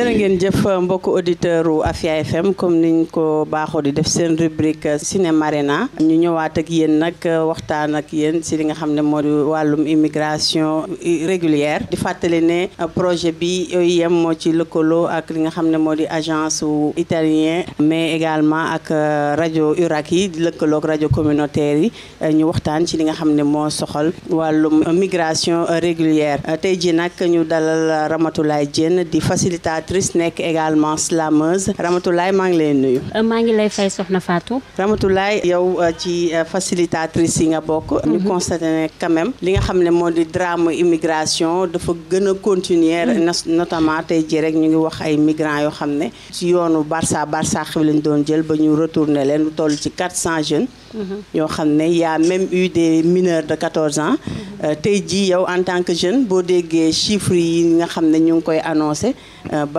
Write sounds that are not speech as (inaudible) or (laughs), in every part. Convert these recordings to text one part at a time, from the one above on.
jërë ngeen jëf mbokk auditeur u Afia FM comme niñ ko baaxoo di def seen rubrique Cinéma na ñu ñëwaat ak yéen nag waxtaan ak yéen si li nga xam ne moo di wàllum immigration régulière di fàttali ne projet bi OIM moo ci lëkkaloo ak li nga xam ne moo di agence u italien mais également ak rajo URAC yi di lëkkaloog rajo communautaire yi ñu waxtaan ci li nga xam ne moo soxal wàllum migration régulière tey ji nag ñu dalal Ramatoulaye Diène di actrice nekk également slameuse Ramatoulaye maa ngi lay nuyu. Euh, maa ngi lay fay soxna Fatou. Ramatoulaye yow euh, ci euh, facilitatrice yi nga bokk. ñu mhm. constaté ne li nga xam ne moo di drame immigration dafa gën a continuer mhm. notamment tey jii rek ñu ngi wax ay migrants yoo xam ne ci yoonu barsa Barça xew lañ doon jël ba ñu retourné leen lu toll ci quatre cent jeunes. Mhm. yoo xam ne y a même eu des mineurs de 14 ans. tey jii yow en tant que jeune boo déggee chiffres yi nga xam ne ñu ngi koy annoncé.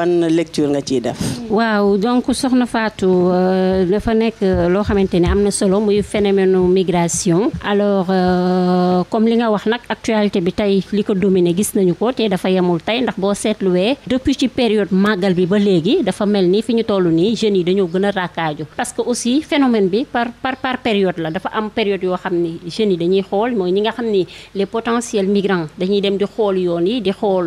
ban lecture nga ciy def. waaw donc soxna Fatou euh, dafa nekk euh, loo xamante ne am na solo muy phénomène migration. alors euh, comme li nga wax nag actualité bi tey li ko dominé gis nañu ko te dafa yemul tey ndax boo seetluwee depuis ci période màggal bi ba léegi dafa mel ni fi ñu toll nii jeunes yi dañoo gën a raakaaju parce que aussi phénomène bi par par par période la dafa am période yoo xam ni jeunes yi dañuy xool mooy ñi nga xam ni les potentiels migrants dañuy dem di xool yoon yi di xoo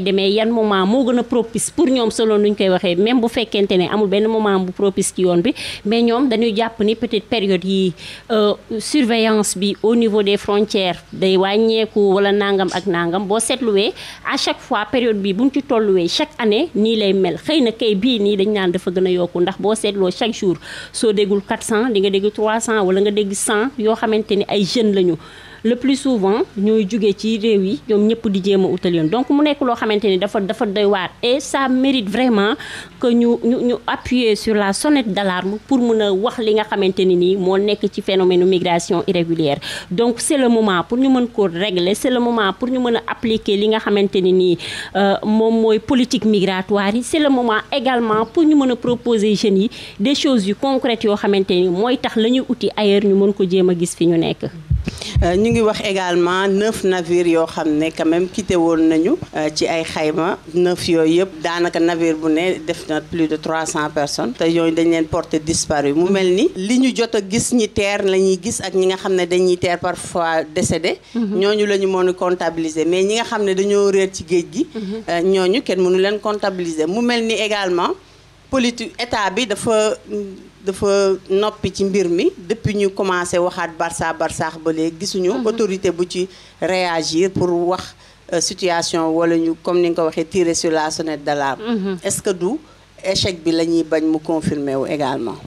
lay demee yan moment moo gën a propice pour ñoom solo nu ñu koy waxee même bu fekkente ne amul benn moment bu propice ci yoon bi mais ñoom dañuy jàpp ni peut-être période yi euh, surveillance bi au niveau des frontières day wàññeeku wala nangam ak nangam boo seetluwee à chaque fois période bi buñ ci tolluwee chaque année nii lay mel xëy na kay bii nii dañ naan dafa gën a yokku ndax boo seetloo chaque jour soo déggul 400 di nga dégg 300 wala nga dégg yoo xamante ni ay jeunes lañu le plus souvent ñooy jugee ci réew yi ñoom ñëpp di jéem a utal yoon donc mu nekk loo xamante ni dafa dafa doy waar et ça mérite vraiment que ñu ñu ñu appuyer sur la sonnette d'alarme pour mun wax li nga xamante ni nii moo nekk ci phénomène migration irrégulière donc c'est le moment pour ñu mën koo régler c'est le moment pour ñu mën a appliquer li nga xamante ni nii euh, moom mooy politique migratoire yi c'est le moment également pour ñu mën a proposer jeunes yi des choses yu concrètes yoo xamante ni mooy tax la ñuy uti ailleurs ñu mën ko jéem a gis fi ñu nekk Euh, ñu ngi wax également neuf navires yoo xam ne quand même quitté woon nañu euh, ci ay xayma neuf yooyu yëpp daanaka navire bu ne def na plus de trois cents personnes te yooyu dañ leen porté disparu mu mel ni li ñu jot a gis ñi teer la ñuy gis ak ñi nga xam ne dañuy teer parfois décédé mhm. ñooñu la ñu mën a comptabiliser mais ñi nga xam ne dañoo réer ci géej gi mhm. euh, ñooñu kenn mënu leen comptabiliser mu mel ni également politique état bi dafa dafa noppi ci mbir mi depuis ñu commencé waxaat Barça Barça ba léegi gisuñu. Mhm. autorité bu ci réagir pour wax euh, situation wala ñu comme ni nga ko waxee tiire sur la sonnette d'alarme. Mhm. est-ce que du échec bi la ñuy bañ mu confirmer wu également.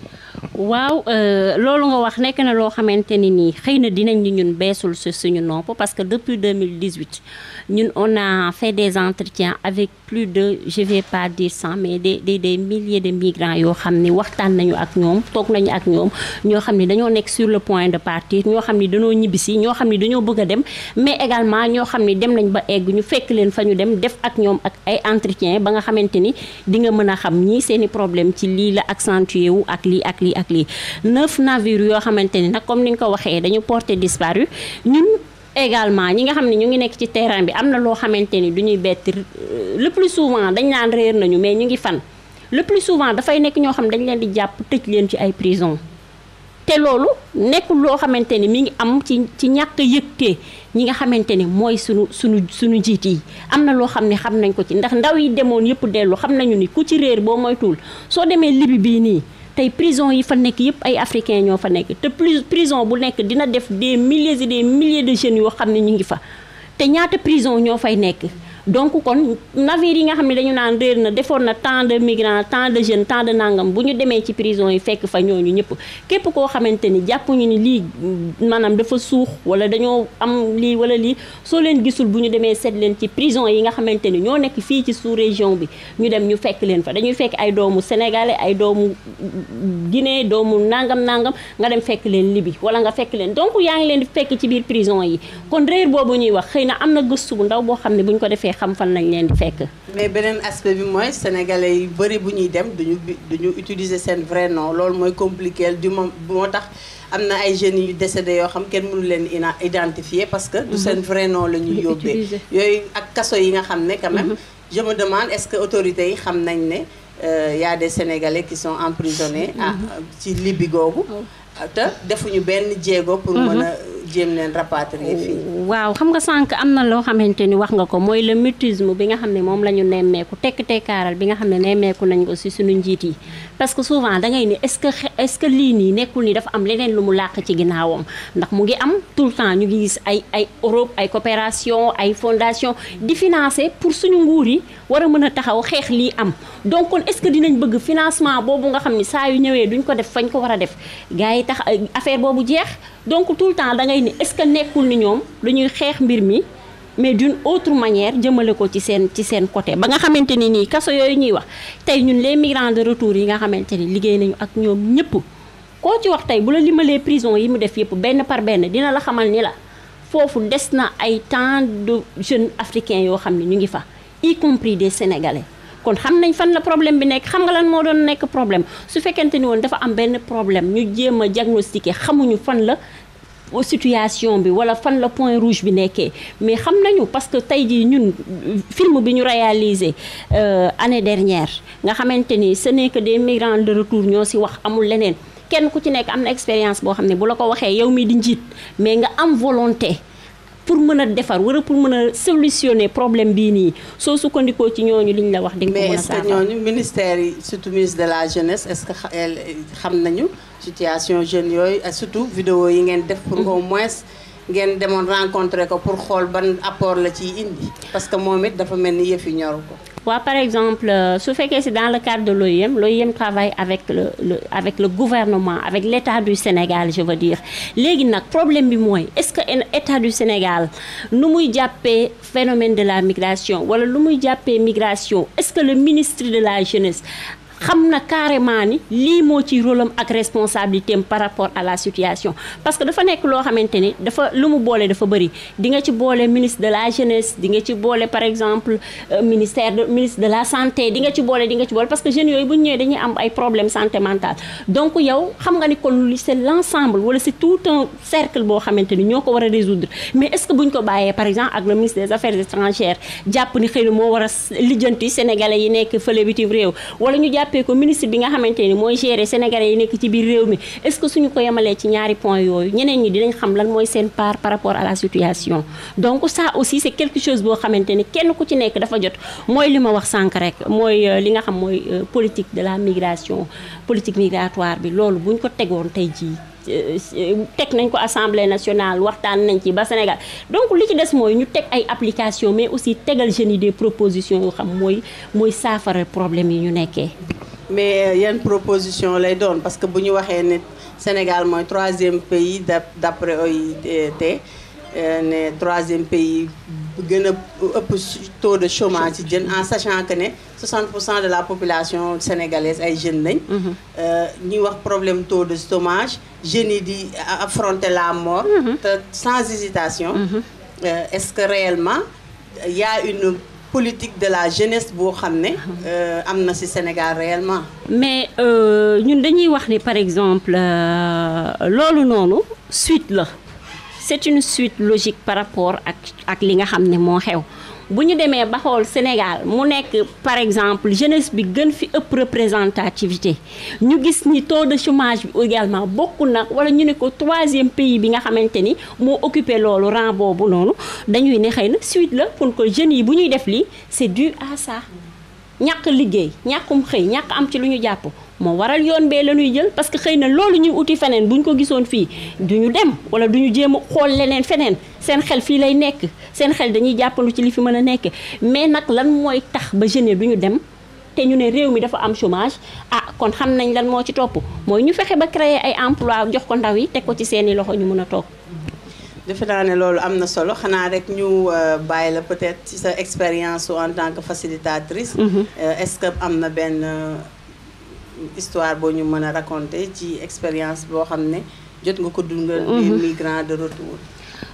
waaw euh, loolu nga wax nekk na loo xamante ni nii xëy na dinañ ñu ñun beesul si suñu nopp parce que depuis 2018 ñun on a fait des entretiens avec plus de je vais pas dire cent mais de des des milliers de migrants yoo xam ni waxtaan nañu ak ñoom toog nañu ak ñoom ñoo xam ni dañoo nekk sur le point de partir ñoo xam ni dañoo ñibbisi ñoo xam ni dañoo bëgg a dem mais également ñoo xam ni dem nañ ba egg ñu fekk leen fa ñu dem def ak ñoom ak ay entretien ba nga xamante ni di nga mën a xam ñii seeni problème ci lii la accentué wu ak lii ak lii ak lii neuf navires yoo xamante ni na comme ni nga ko waxee dañu porté disparu ñun également ñi nga xam ne ñu ngi nekk ci terrain bi am na loo xamante ni duñuy ñuy bett le plus souvent dañ naan réer nañu mais ñu ngi fan le souvent dafay nekk ñoo xam dañ leen di jàpp tëj leen ci ay prison te loolu nekkul loo xamante ni mi ngi am ci ci ñàkk yëgtee ñi nga xamante ni mooy sunu sunu sunu njiit yi am na loo xam ne xam nañ ko ci ndax ndaw yi demoon yëpp dellu xam nañu ni ku ci réer boo moytuwul soo demee libi bii nii tey prison yi fa nekk yëpp ay africain ñoo fa nekk te plus prison bu nekk dina def des milliers et des milliers de jeunes yoo xam ne ñu ngi fa te ñaata prison ñoo fay nekk donc kon navire yi nga xam ne dañu naan réer na defoon na tant de migrants tant de jeunes tant de nangam bu ñu demee ci prison yi fekk fa ñoo ñooñu ñëpp képp koo xamante ni jàppuñu ni lii maanaam dafa suux wala dañoo am lii wala lii soo leen gisul bu ñu demee seet leen ci prison yi nga xamante ni ñoo nekk fii ci sous région bi ñu dem ñu fekk leen fa dañuy fekk ay doomu sénégalais ay doomu Guinée doomu nangam nangam nga dem fekk leen Libye wala nga fekk leen donc yaa leen di ci biir prison yi kon réer boobu ñuy wax xëy na am na gëstu bu ndaw boo xam ne bu ñu ko defee xam fan lañ leen di fekk. mais beneen aspect bi mooy sénégalais yu bëri bu ñuy dem duñu duñu utiliser seen vrai nom loolu mooy compliqué du moom moo tax am na ay jeunes yu décédé yoo xam kenn mënu leen identifier parce que. du mhm. seen vrai nom la ñuy yóbbee. yooyu ak kaso yi nga xam ne quand même. Mhm. je me demande est-ce que autorités yi xam nañ ne euh, y a des sénégalais qui sont emprisonnés. ah ci Libye googu. Oh. te defuñu benn jéego pour mën jéem leen rapatrier fii. waaw xam nga sànq am na loo xamante ni wax nga ko mooy le mutisme bi nga xam ne moom la ñu nemmeeku tekk tekkaaral bi nga xam ne nemmeeku nañ ko si suñu njiit yi. parce que souvent dangay ne est-ce que que lii nii nekkul ni dafa am leneen lu mu làq ci ginnaawam ndax mu ngi am tout le temps ñu ngi gis ay ay Europe ay coopération ay fondation di financer pour suñu nguur yi war a mën a taxaw xeex lii am donc kon ce que dinañ bëgg financement boobu nga xam ni saa yu ñëwee duñ ko def fañ ko war a def gars yi tax affaire boobu jeex ni est-ce que nekkul ni ñoom dañuy xeex mbir mi mais d'une autre manière jëmale ko ci seen ci seen côté ba nga xamante ni nii kaso yooyu ñuy wax tey ñun les migrants de retour yi nga xamante ni liggéey nañu ak ñoom ñëpp koo ci wax tey bu la limalee prison yi mu def yëpp benn par benn dina la xamal ni la foofu des na ay tant de jeunes africains yoo xam ni ñu ngi fa y compris des sénégalais kon xam nañ fan la problème bi nekk xam nga lan moo doon nekk problème su fekkente ni woon dafa am benn problème ñu jéem a diagnostiqué xamuñu fan la situation bi wala fan la point rouge bi nekkee mais xam nañu parce que tey jii ñun film bi ñu réalisé euh, année dernière nga xamante ni ce n'est que des migrants de retour ñoo si wax amul leneen kenn ku ci nekk am na expérience boo xam ne bu la ko waxee yow mi di njiit mais nga am volonté pour mën a defar wala pour mën a solutionner problème bii nii soo sukkandikoo ci ñooñu liñ la wax. di nga mais est-ce que ñooñu ministère yi surtout ministre de la jeunesse est-ce que xam nañu situation jeunes yooyu surtout video yi ngeen def. pour mhm. au moins ngeen demoon rencontrer ko pour xool ban apport la ciy indi. parce que moom it dafa mel ni yëf yi ñoru ko. waa par exemple euh, su fekkee si dans le cadre de l'OIM l'OIM travaille avec le, le avec le gouvernement avec l'état Sénégal je veux dire nag problème bi mooy est-ce que état du Sénégal nu muy jàppee phénomène de la migration wala lu muy jàppee migration est-ce que le ministre de la jeunesse xam na carrément ni lii moo ci rôle am ak responsabilité am par rapport à la situation parce que dafa nekk loo xamante ni dafa lu mu boole dafa bëri di nga ci boole ministre de la jeunesse di nga ci boole par exemple euh, ministère de ministre de la santé di nga ci boole di nga ci boole parce que jeunes yooyu bu ñu ñëwee dañuy am ay problèmes santé mentale donc yow xam nga ni kon li c'est l'ensemble wala c'est tout un cercle boo xamante ni ñoo ko war a résoudre mais est-ce que bu par exemple ak le ministre des affaires étrangères jàpp moo war a lijjanti sénégalais yi nekk fële bitim réew wala jàppee ministre bi nga xamante ni mooy gérer sénégalais yi nekk ci biir réew mi est-ce que suñu ko yemalee ci ñaari point yooyu ñeneen ñi dinañ xam lan mooy seen part par rapport à la situation donc ça aussi c'est quelque chose boo xamante ni kenn ku ci nekk dafa jot mooy li ma wax sànq rek mooy euh, li nga xam mooy euh, politique de la migration politique migratoire bi loolu buñ ko tegoon tey jii euh, teg nañ ko assemblée national waxtaan nañ ci ba Sénégal donc li ci des mooy ñu teg ay application mais aussi tegal jeunes yi des propositions yoo xam mooy mooy saafara problème yi ñu nekkee mais euh, yan proposition lay doon parce que bu ñu waxee ne Sénégal mooy troisième pays d'après OIT euh, ne troisième pays gën a ëpp taux de chômage ci jën en sachant que ne 60 pour cent de la population sénégalaise ay jeunes lañ. Mm-hmm. Euh, ñuy wax problème taux de chômage jeunes yi di affronter la mort. Mm-hmm. te sans hésitation. Mm-hmm. est-ce que réellement y une politique de la jeunesse boo xam ne euh, am na si Sénégal réellement mais euh, ñun dañuy wax ni par exemple euh, loolu noonu suite la c'est une suite logique par rapport ak ak li nga xam ne moo xew bu ñu demee ba xool Sénégal mu nekk par exemple jeunesse bi gën fi ëpp représentativité ñu gis ni taux de chômage bi également bokk na wala ñu ne ko troisième pays bi nga xamante ni moo occupé loolu ran boobu noonu dañuy ne xëy na suite la pour ko jeunes yi bu ñuy def lii c'est du à ça ñàkk liggéey ñàkkum xëy ñàkk am ci lu ñu jàpp moo waral yoon bee la ñuy jël parce que xëy na loolu ñuy uti feneen buñ ko gisoon fii duñu dem wala duñu jéem a xool leneen feneen seen xel fii lay nekk seen xel dañuy jàppandu ci li fi mën a nekk mais nag lan mooy tax ba jeune duñu dem te ñu ne réew mi dafa am chômage ah kon xam nañ lan moo ci topp mooy ñu fexe ba créer ay emplois jox ko ndaw yi teg ko ci seeni loxo ñu mën a toog. defe naa ne loolu am na solo xanaa rek ñu euh, bàyyi la peut-être ci sa expérience en tant que facilitatrice. Mm-hmm. Euh, est-ce que am na benn. histoire boo ñu mën a raconter ci expérience boo xam ne jot nga ko dundal. les mhm. migrants de retour.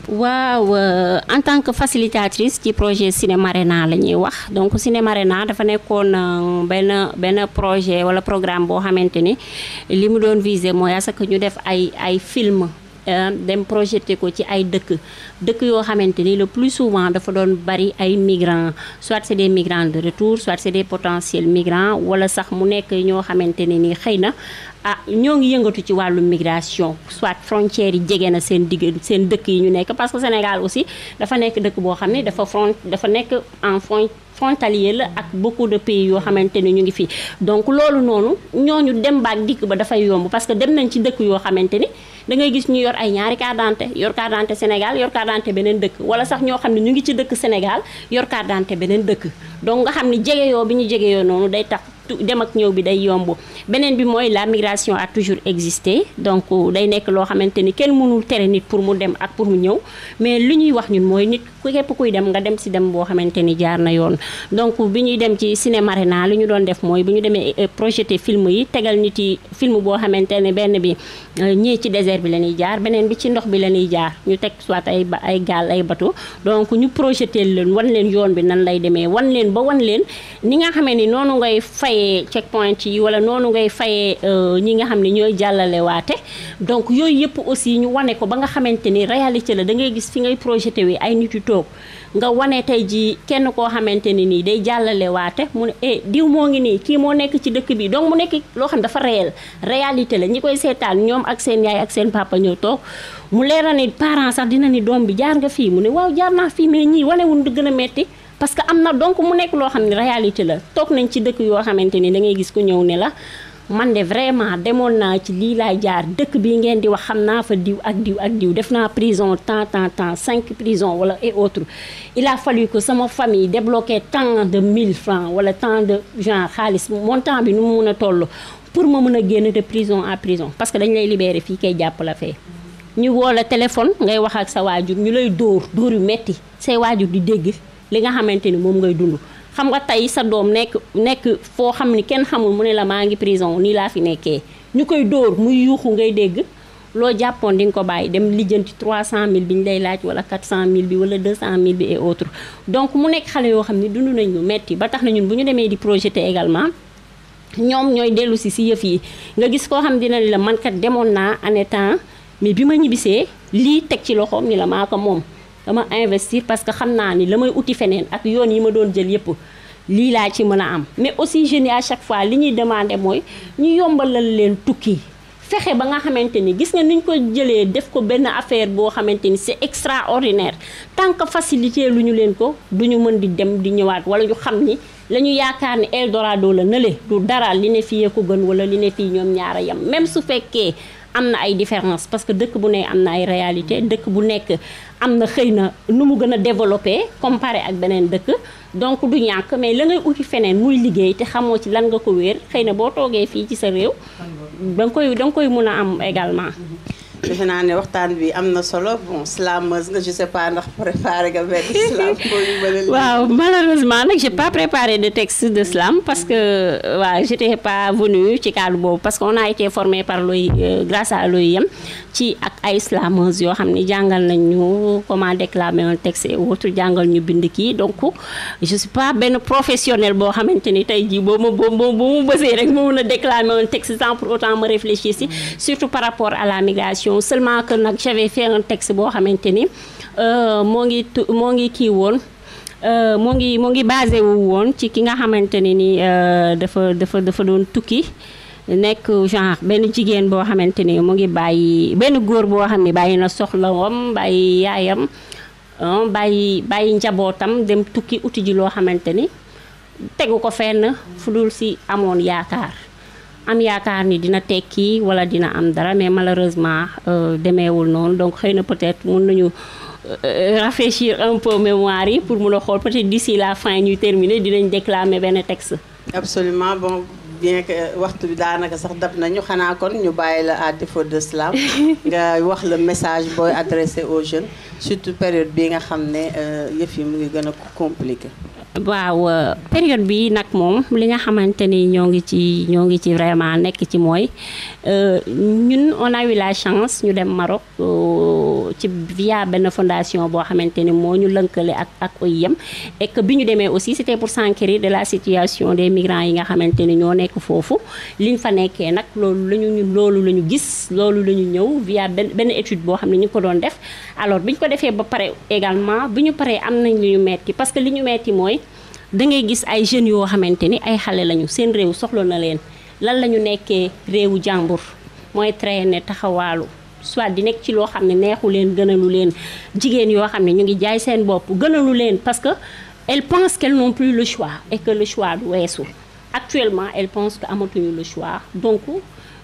waaw euh, en tant que facilitatrice ci projet Cinémarena la ñuy wax donc Cinémarena dafa nekkoon euh, benn benn projet wala programme boo xamante ni li mu doon viser mooy à ce que ñu def ay ay film Euh, dem projeté ko ci ay dëkk dëkk yoo xamante ni le plus souvent dafa doon bari ay migrants soit c'est des migrants de retour soit c'est des potentiels migrants wala sax mu nekk ñoo xamante ne ni xëy na ah ñoo ngi yëngatu ci wàllu migration soit frontières yi jege na seen digg seen dëkk yi ñu nekk parce que Sénégal aussi dafa nekk dëkk boo xam ne dafa front dafa nekk en front frontalier la ak beaucoup de pays yoo xamante ni ñu ngi fii donc loolu noonu ñoo ñu dem baak dikk ba dafay yomb parce que dem nañ ci dëkk yoo xamante ni da gis ñu yor ay ñaari carte yor carte d'identité Sénégal yor carte beneen dëkk wala sax ñoo xam ne ñu ngi ci dëkk Sénégal yor carte d'identité beneen dëkk donc day tax dem ak ñëw bi day yomb beneen bi mooy la migration a toujours existé donc euh, day nekk loo xamante ni kenn mënul tere nit pour mu dem ak pour mu ñëw mais li ñuy wax ñun mooy nit ku képp kuy dem nga dem si dem boo xamante ni jaar na yoon donc bi ñuy dem ci cinéma arena li ñu doon def mooy bu ñu demee euh, projeté film yi tegal nit yi film boo xamante ne benn bi euh, ñii ci désert bi la ñuy jaar beneen bi ci ndox bi la ñuy jaar ñu teg soit ay ay gaal ay bateau donc ñu projeté leen wan yoon bi nan lay demee wan fayee checkpoint yi wala noonu ngay fayee euh, ñi nga xam ne ñooy jàllale waate donc yooyu yëpp aussi ñu wane ko ba nga xamante ni réalité la da ngay gis ci ngay projeté wi ay nit yu toog nga wane tey jii kenn koo xamante ni nii day jàllale waate mu ne eh diw moo ngi nii kii moo nekk ci dëkk bi donc mu nekk loo xam dafa réel réalité la ñi koy seetaan ñoom ak seen yaay ak seen papa ñoo toog mu leera ne parents sax dina ni doom bi jaar nga fii mu ne waaw parce que am na donc mu nekk loo xam ne réalité la toog nañ ci dëkk yoo xamante ni da ngay gis ku ñëw ne la man de vraiment demoon naa ci lii laay jaar dëkk bii ngeen di wax xam naa fa diw ak diw ak diw def naa prison tant tant tant cinq prison wala et autres il a fallu que sama famille débloqué temps de mille francs wala tant de genre xaalis montant bi nu mu mun a toll pour ma mën a génn de prison à prison parce que dañ lay libéré fii kay jàpp la fee. ñu woo téléphone ngay wax ak sa waajur ñu lay dóor dóor yu metti say waajur di dégg. li nga xamante ni moom ngay dund xam nga tey sa doom nekk nekk foo xam ni kenn xamul mu ne la maa ngi prison nii laa fi nekkee ñu koy dóor muy yuuxu ngay dégg loo jàppoon di nga ko bàyyi dem lijjanti 300000 bi ñu lay laaj wala 400000 bi wala 200000 bi et autres donc mu nekk xale yoo xam ne dund nañ lu metti ba tax na ñun bu ñu demee di projeté également ñoom ñooy dellu si si yëf yi nga gis koo xam dina ni la man kat demoon naa en état mais bi ma ñibbisee lii teg ci loxoom ni la maa ko moom. dama investir parce que xam naa ni la may uti feneen ak yoon yi ma doon jël yëpp lii laa ci mën a am mais aussi jeunes chaque fois li ñuy demandé mooy ñu yombalal leen tukki fexe ba nga xamante ni gis nga ni ñu ko jëlee def ko benn affaire boo xamante ni c'est extraordinaire tant que facilité lu ñu leen ko du ñu mën di dem di ñëwaat wala ñu xam ni la ñu yaakaar ni Eldorado la nële du dara li ne fii ko gën wala li ne fii ñoom ñaara yam même su fekkee am na ay différence parce que dëkk bu ne am na ay réalité dëkk bu nekk am na xëy na nu mu gën a développé comparé ak beneen dëkk donc du ñàkk mais la ngay uti feneen muy liggéey te xamoo ci lan nga ko wéer xëy na boo toogee fii ci sa réew dan koy da koy mun a am également mm-hmm. defe naa ne waxtaan bi am na solo bon slameuse nga je sais pas ndax préparé nga benn (laughs) slam waaw malheureusement nag j'ai pas préparé de texte de slam parce que euh, waaw j'étais pas venue ci cadre boobu parce que on a été formé par looy euh, grâce à yem ci ak ay slameuse yoo xam ni jàngal nañ ñu comment déclamer un texte et jàngal ñu bind kii donc je suis pas benn professionnel boo xamante ni tey jii boo ma boo boo mu bësee rek ma mun a déclamer un texte pour autant surtout par rapport à la émission seulement que nag j'avais fait un texte boo xamante ni euh, mu ngi moo ngi kii woon euh, mu ngi mu ngi baasewu woon ci ki nga xamante ne ni euh, dafa dafa dafa doon tukki nekk genre benn jigéen boo xamante ni mu ngi bàyyi benn góor boo xam ni bàyyi na soxlawam bàyyi yaayam bàyyi bàyyi njabootam dem tukki uti ji loo xamante ni tegu ko fenn fu dul si amoon yaakaar am yaakaar ni dina tekki wala dina am dara mais malheureusement euh, demeewul noonu donc xëy na peut-être mën nañu euh, rafraîchir un peu mémoire yi pour mun a xool peut di si la fin ñuy terminer dinañ déclamer benn texte. absolument bon. bien que waxtu bi daanaka sax dab nañu xanaa kon ñu bàyyi la à défaut de cela (laughs) nga wax la message booy adressé aux jeunes surtout période bi nga xam ne euh, yëf yi mu ngi gën a compliqué waaw euh, période bi nag moom li nga xamante ni ñoo ngi ci ñoo ngi ci vraiment nekk ci mooy euh, ñun on a eu la chance ñu dem Maroc ci via benn fondation boo xamante ni moo ñu lënkale ak ak OIM et bi ñu demee aussi c'était pour s'enquérir de la situation des migrants yi nga xamante nekk foofu liñ fa nekkee nag loolu la ñu loolu la ñu gis loolu la ñu ñëw via benn benn étude boo xam ne ñu ko doon def alors bi ñu ko defee ba pare également bi ñu paree am nañ li ñu metti parce que li ñu metti mooy dangay gis ay jeunes yoo xamante ni ay xale lañu seen réew soxla na leen lan la ñu nekkee réewu jàmbur mooy ne taxawaalu soit di nekk ci loo xam ne neexu leen gënalu leen jigéen yoo xam ne ñu ngi jaay seen bopp gënalu leen parce que elles pensent qu'elles n'ont plus le choix et que actuellement ele pense que amatuñu le choix donc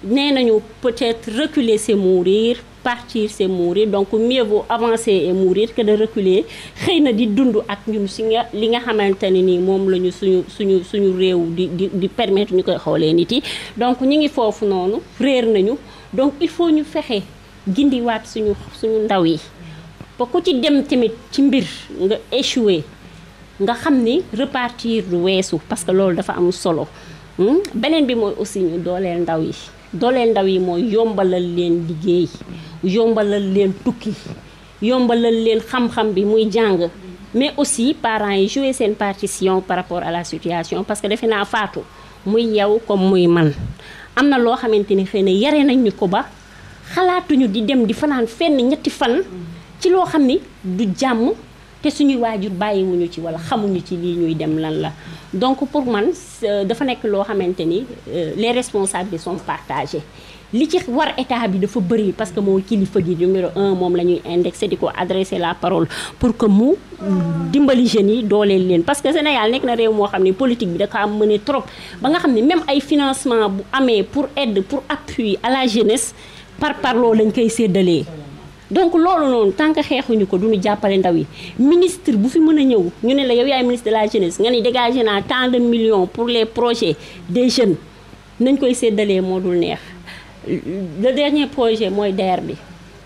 nee nañu peut-être reculer c'est mourir partir c'est mourir donc mieux vaut avancer et mourir que de reculer xëy na di dundu ak ñun si nga li nga xamante ne nii moom la ñu suñu suñu suñu réew di di di permettre ñu koy xoolee nit yi donc ñu ngi foofu noonu réer nañu donc il faut ñu fexe gindiwaat suñu suñu ndaw yi ba ku ci dem tamit ci mbir nga échouer nga xam ni repartir du weesu parce que loolu dafa am solo hmm? beneen bi mooy aussi ñu dooleel ndaw yi dooleel ndaw yi mooy yombalal leen liggéey yombalal leen tukki yombalal leen xam-xam bi muy jàng mais aussi parents yi jouer seen partition par rapport à la situation parce que defe naa faatu muy yow comme muy man am na loo xamante ni xëy na yare nañ ñu ko ba xalaatuñu di dem di fanaan fenn ñetti fan ci loo xam ni du jàmm te suñuy waajur bàyyiwuñu ci wala xamuñu ci lii ñuy dem lan la donc pour man euh, dafa nekk loo xamante ni euh, les responsabilités son partagées li ci war état bi dafa bëri parce que mooy kilifa gi numéro un moom la ñuy indexé di ko adressé la parole pour que mu dimbali jeunes yi dooleel leen parce que Sénégal nekk na réew moo xam ne politique bi da kaa mëne trop ba nga xam ne même ay financement bu amee pour aide pour appui à la jeunesse par par parloo lañ koy séddalee donc loolu noonu tant que xeexuñu ko duñu jàppale ndaw yi ministre bu fi mën a ñëw ñu ne la yow yaay ministre de la jeunesse nga ni dégagé naa tant de millions pour les projets de jeunes nañ koy séddalee moo dul neex le dernier projet mooy DER bi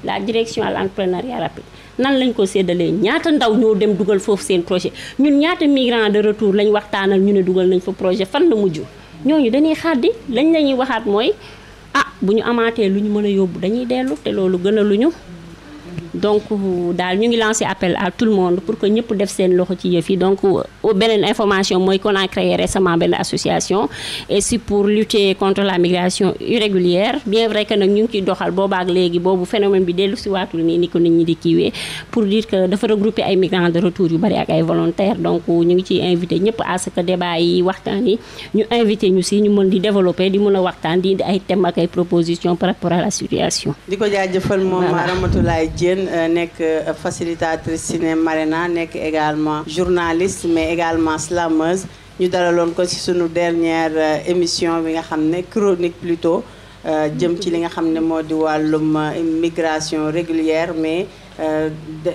la direction à l'entrepreneuriat rapide nan lañ ko séddalee ñaata ndaw ñoo dem dugal foofu seen projet ñun ñaata migrants de retour lañ waxtaanal ñu ne dugal nañ fa projet fan la mujj ñooñu dañuy xaddi lañ la ñuy waxaat mooy ah bu ñu amaatee lu ñu mën a yóbbu dañuy dellu te loolu gën a lu ñu donc euh, daal ñu ngi lancé appel à tout le monde pour que ñëpp def seen loxo ci yëf yi donc euh, beneen information mooy qu'on a créé récemment benn association et c'est pour lutter contre la migration irrégulière bien vrai que nag ñu ngi ciy doxal boobaak léegi boobu phénomène bi dellu si waatul nii ni ko nit ñi di kiiwee pour dire que dafa regrouper ay migrants de retour yu bari ak ay volontaires donc euh, ñu ngi ciy invité ñëpp à ce que débat yi waxtaan yi ñu invité ñu si ñu mën di développer di mën a waxtaan di indi ay thèmes ak ay propositions par rapport à Sène euh, nekk euh, facilitatrice ne Marina nekk également journaliste mais également slameuse ñu dalaloon ko ci suñu dernière euh, émission bi nga xam ne chronique plutôt jëm ci li nga xam ne moo di wàllum migration régulière mais Euh,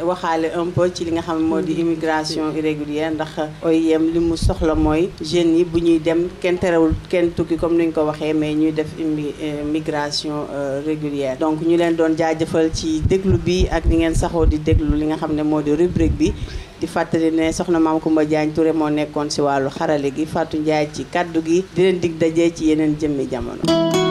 waxaale un ci li nga xam ne moo di mm-hmm. immigration irrégulière ndax OIM li mu soxla mooy jeunes yi bu ñuy dem kenn terewul kenn tukki comme ni ñu ko waxee mais ñuy def immigration euh, euh, régulière donc ñu leen doon jaajëfal ci déglu bi ak li ngeen saxoo di déglu li nga xam ne moo di rubrique bi di fàttali ne soxna maam Koumba Diagne ture moo nekkoon si wàllu xarale gi Fatou Ndiaye ci kàddu gi di leen dig dajee ci yeneen jëmmi jamono